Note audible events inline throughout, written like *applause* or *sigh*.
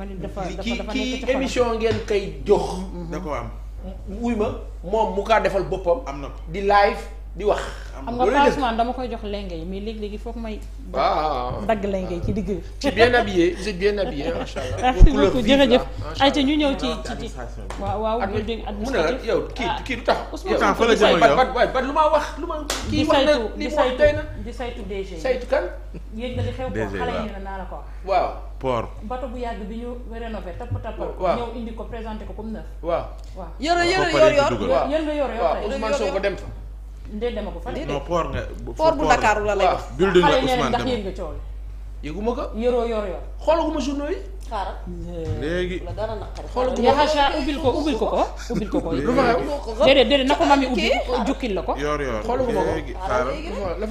nga ki dafa dafa émission ngeen kay jox. Mm-hmm. da am. wuy ma moom mu kaa defal boppam. am na ko di live. di wax. xam nga franchement dama koy jox lenge yi mais léegi-léegi may. waaw dagg lenge ci digg bi. ci bien habillé vous êtes bien habillé *laughs* macha allah. merci beaucoup jërëjëf ay te ñu ñëw ci ci ci. waaw waaw ñu dégg administratif yow kii ah. kii du tax. Ousmane fa la jëmal yow waay waay lu ma wax lu ma. kii wax na li mu di saytu di saytu DG. saytu kan. ko xale yi ne naa la ko waaw port bato bu yàgg bi ñu rénové tapp tappal ko ñëw indi ko présenté ko comme neuf waaw waaw yor yor yor yor yor nga yor yor tey Ousmane Sonko dem fa ndee dama ko fa non nga port bu Dakar la lay ah, wax building la Ousmane ndax yéen nga coow yëguma ko yoroo yor yor xoolaguma journaux yi xaaral léegi dara naqari xoolaguma yaxasa ubbil ko ubbil ko ko ko ko déedéet ubbi jukkil la ko yor yor xoolaguma ko léegi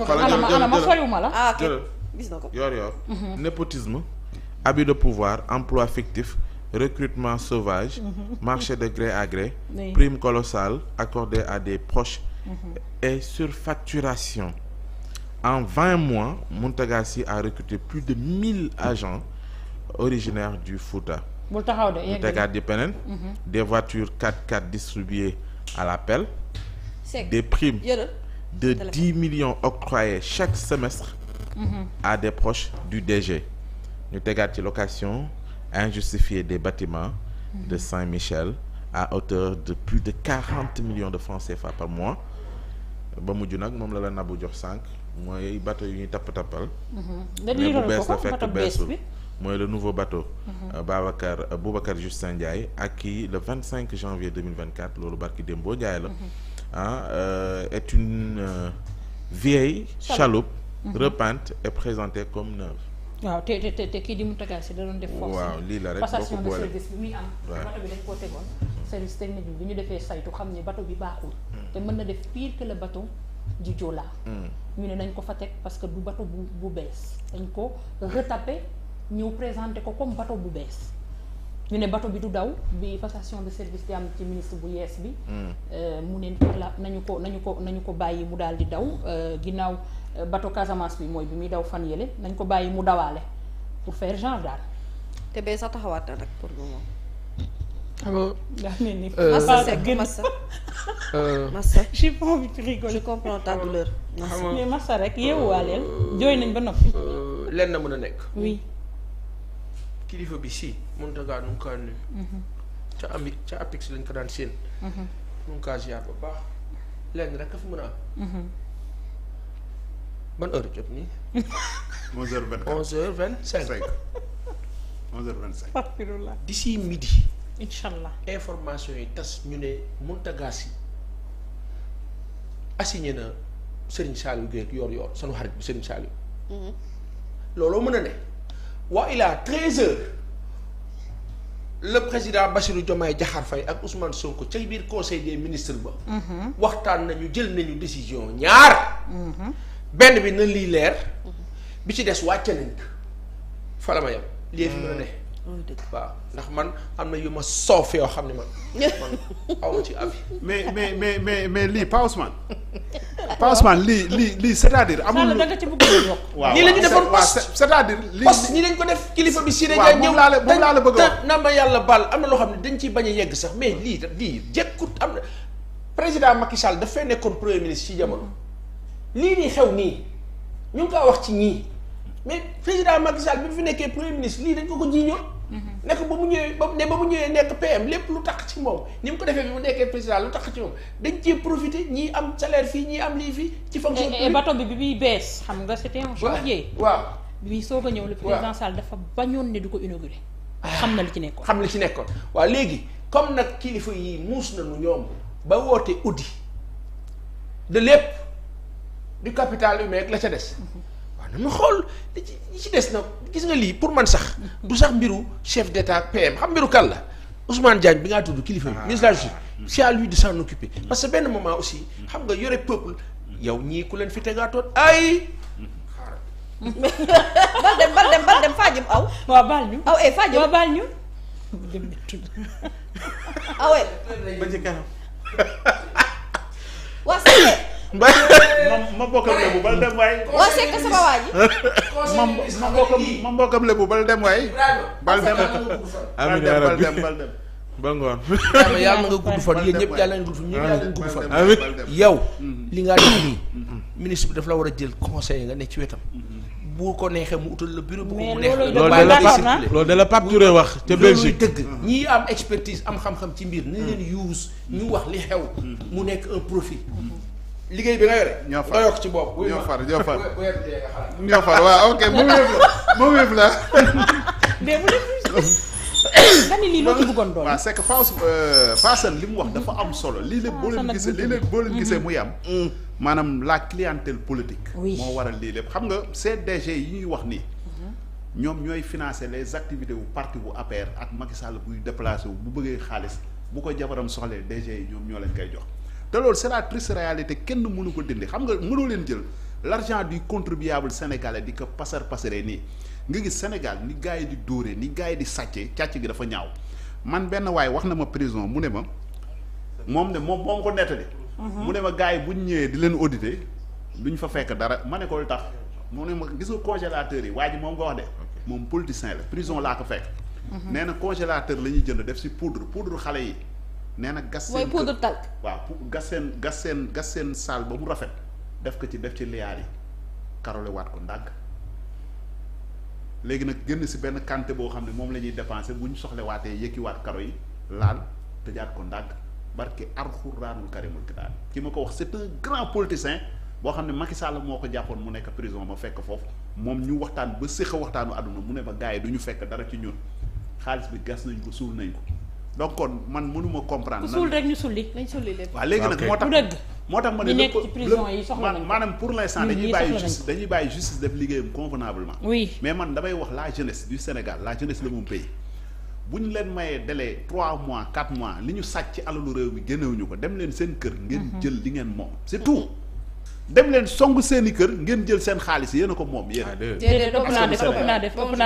xaaral ma la ah gis na ko yor yor mhm. népotisme abus pouvoir emploi fictif recrutement sauvage mhm. marché de gré à prime colossale accordée à des Mm-hmm. et surfacturation en vingt mois Mountaga Sy a recruté plus de mille agents originaires du Fouta. bul taxaw de Mountaga peneen. Mm-hmm. des voitures quatre x 4 distribuées à l'appel. des primes de dix millions octroyées chaque semestre. Mm-hmm. à des proches du DG. ñu tegaat ci location injustifiée des bâtiments. de Saint-Michel à hauteur de plus de quarante millions de francs CFA par mois. ba mujj nag moom la la nabu jox sànq mooy bateau yu ñuy tapp tappal. Mhm. mais bu bees la fekk beesul mooy le nouveau bateau. Mhm. Euh, Babacar euh, Boubacar Justin Ndiaye ak kii le vingt cinq janvier deux mille vingt quatre loolu barki Dembo Ndiaye la. Mhm. ah euh, est une vieille chaloupe. repente et présentée comme neuve. waaw te te te kii di Mountaga Sy da doon def. force waaw lii la rek passation de service bi muy am. bato bi dañ koo tegoon. service technique bi bi ñu defee saytu xam ne bato bi baaxul. Hmm. te mën na def pire que le bateau du la hmm. ñu ne nañ ko fa teg parce que du bato bu bu bees dañ ko retapé ñëw présenté ko comme bato bu bees. ñu ne bato bi du daw bi passation de service di am ci ministre bu yees bi. Hmm. Euh, mu ne nañu ko nañu ko nañu ko bàyyi mu daal di daw euh, ginnaaw. Euh, bateau Casamance bi mooy bi muy daw fan yële nañ ko bàyyi mu dawaale pour faire genre daal. te bee sa taxawaat na nag pour moom. alors. daa mel ni Massa Seck Massa. Massa. *laughs* Euh, *laughs* j'ai pas envie de rigoler. je comprends ta douleur. mais Massa rek euh, yeewuwaaleel jooy nañ ba noppi. lenn mën a nekk. oui. kilifa bi si mënut a gaa nu mu kaa nuyu. Mhm. ca ami ca apix lañ ko daan séen. Mhm. nu mu kaa ziar ba baax lenn rek dafa mën a am. Mhm. ban heure jot nii. 11h24 11h25 11h25. midi. allah information yi tas ñu ne Mountaga Sy assigné na Serigne Saliou Gueye yor yor sunu xarit bi Serigne Saliou. Mhm. looloo mën a ne. waa il a 13h président Bassirou Diomaye Diakhar Faye ak Ousmane Sonko ca biir conseil des ministres ba. Mhm. waxtaan nañu jël nañu décision ñaar. Mhm. benn bi na lii leer bi ci des wàcce nañ ko fa la ma yem a ne mm. waaw ndax man am na yu ma soof yoo xam ne man man *laughs* aw ma ci avis mais mais mais mais mais lii Pa lii lii lii c'est-à-dire a yokk waaw ñii la ñu defoon poste cest ko def kilifa bi si ne ñëw laa la moom laa la bëgg a wax ma yàlla baal am na loo xam ne dañ ciy bañ a yegg sax mais lii lii jekkut am na président Macky Sall dafay nekkoon premier ministre ci jamono lii di xew nii ñu ngi wax ci ñii mais président Macky Sall bi fi nekkee premier ministre lii dañ ko ko jiiñoo nekk ba mu ñëwee ba ne ba mu ñëwee nekk PM lépp lu tax ci moom ni mu ko defee bi mu nekkee président lu tax ci moom dañ cee profité ñii am salaire fii ñii am lii fii ci fonction publique bato bi bi muy bees xam nga c'était un janvier waaw bi soo soog a ñëw le président Sall dafa bañoon ne du ko inauguré xam na li ci nekkoon xam li ci nekkoon waaw léegi comme nag kilifa yi muus nañu ñoom ba woote uddi de lépp du capital humain ak la ca des. waaw na ma xool li ci des na gis nga lii pour man sax. du sax mbiru chef d'état PM xam mbiru kan la Ousmane Diagne bi ngaa tudd kilifa bi. Ah. ministre de la justice c'est à lui de parce que benn moment aussi. xam nga yore peuple. yow ñii ku leen fi tegaatoon ay. *laughs* bal dem bal dem bal dem aw. waaw baal ñu aw eh faajim waaw baal ñu. dem tudd awee. Eh. ba ci *laughs* ma bokkam lebu bal dem waay. waa sekk sama waa ma bokkam bal dem waay. bal dem bal dem bal dem bal dem. ba ngoon. nga gudd fan ñëpp yàlla nga gudd fan ñëpp yàlla nga gudd fan. yow mm-hmm. li nga def ministre daf la war a jël conseil nga ne ci wetam. Mm-hmm. bu ko neexee mu utal la bureau bu ko mu neex loolu de la Pape Touré wax ca Belgique dëgg ñi am expertise am xam-xam ci mbir ni leen mm-hmm. use ñu wax li xew mu nekk un profit liggéey bi nga yore. ñoo far ci bopp. ñoo far ñoo far ñoo far waaw ok moom yëf la moom yëf la. mais mu ne. lan bëggoon doon. waaw c'est que Fass euh, li mu wax dafa am solo lii lépp boo leen mm-hmm. am. Mm. maanaam la clientèle politique. moo waral lii lépp xam nga CDG yi ñuy wax nii. Mm-hmm. ñoom ñooy financer les activités wu parti bu APR ak Macky buy déplacé wu bu bëggee xaalis bu ko jabaram soxlee DG yi ñoom ñoo leen koy jox. te loolu c'est la triste réalité kenn mënu ko dindi xam nga mënoo leen jël l'argent du contribuable sénégalais di ko pasar pasare nii nga gis Sénégal ni gars yi di dóoree ni gars yi di sàccee càcc gi dafa ñaaw man benn waaye wax na ma prison mu ne ma moom ne moom moom ko nettali mhm. mu ne ma gars yi buñ ñëwee di leen auditer duñ fa fekk dara ma ne ko tax mu ne ma gis nga congélateur yi waa ji moom nga wax de moom politicien la prison laa ko fekk mhm. nee na congélateur la ñuy jënd def si poudre poudre xale yi nee na gas seen mooy talc waaw gas seen gas seen gas seen saal ba mu rafet def ko ci def ci liyaar yi karole waat ko ndànk léegi nag génn si benn quantité boo xam ne moom la ñuy dépensé bu ñu soxlewaatee yëkkiwaat karo yi laal tëjaat ko ndànk barke alxuraanul karimul kitaab ki ma ko wax c'est un grand politicien boo xam ne Macky Sall moo ko jàppoon mu nekk prison ma fekk foofu moom ñu waxtaan ba séq waxtaanu àdduna mu ne ba gars yi du ñu fekk dara ci ñun xaalis bi gas nañ ko suul nañ ko donc kon man mënuma comprendre. ku suul rek ñu sulli nañ sulli lépp. waaw léegi nag moo tax ma ne. nekk ci prison yi soxla nañ maanaam pour l'instant dañuy dañuy bàyyi justice def liggéeyam convenablement. oui mais man damay wax la jeunesse du Sénégal la jeunesse de mon pays. bu ñu leen mayee delee trois mois quatre mois li ñu sàcc alalu réew mi génnewuñu ko dem leen seen kër. ngeen mhm. jël li ngeen moom c'est tout. dem leen song seeni kër ngeen jël seen xaalis yéen ko moom yéen. Ah, déedéet ëpp naa def ëpp naa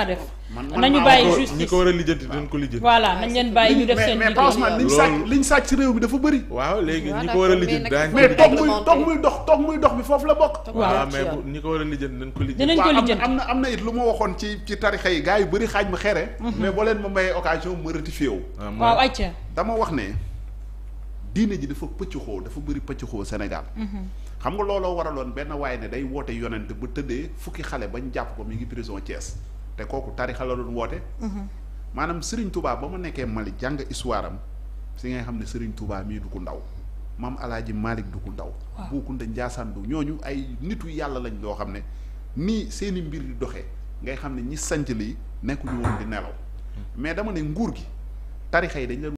def ëpp naa nañu bàyyi ñi ko war a lijjanti dañ ko lijjanti. voilà nañ leen bàyyi ñu def seen liggéey mais mais Ousmane liñ dafa bëri. waaw léegi ñi ko war a lijjanti daañu ko mais toog muy toog muy dox toog muy dox la bokk. waaw ah, mais bu ñi ko war a lijjanti dañ ko lijjanti. dinañ am na am na it lu ma waxoon ci ci tarixa yi gars yi bëri xaaj ma xere mhm. mais boo leen ma mayee occasion ma ratifié wu. Ah, waaw ayca dama wax ne diine ji dafa pëcc xoo dafa bëri pëcc xoo Sénégal. xam nga looloo waraloon benn waaye ne day woote yonent ba tëddee fukki xale bañ jàpp ko mi ngi prison Thiès te kooku tarixa la doon woote. maanaam Serigne Touba ba mu nekkee Mali jàng histoire si ngay xam ne Serigne Touba mii du ko ndaw maam El Hadj Malick du ko ndaw. waaw Boukounta Ndiassane du ñooñu ay nitu yàlla lañ loo xam ne nii seen i mbir di doxee ngay xam ne ñi sanc lii nekkuñu woon di nelaw hmm. mais dama ne nguur gi tarixa yi dañ leen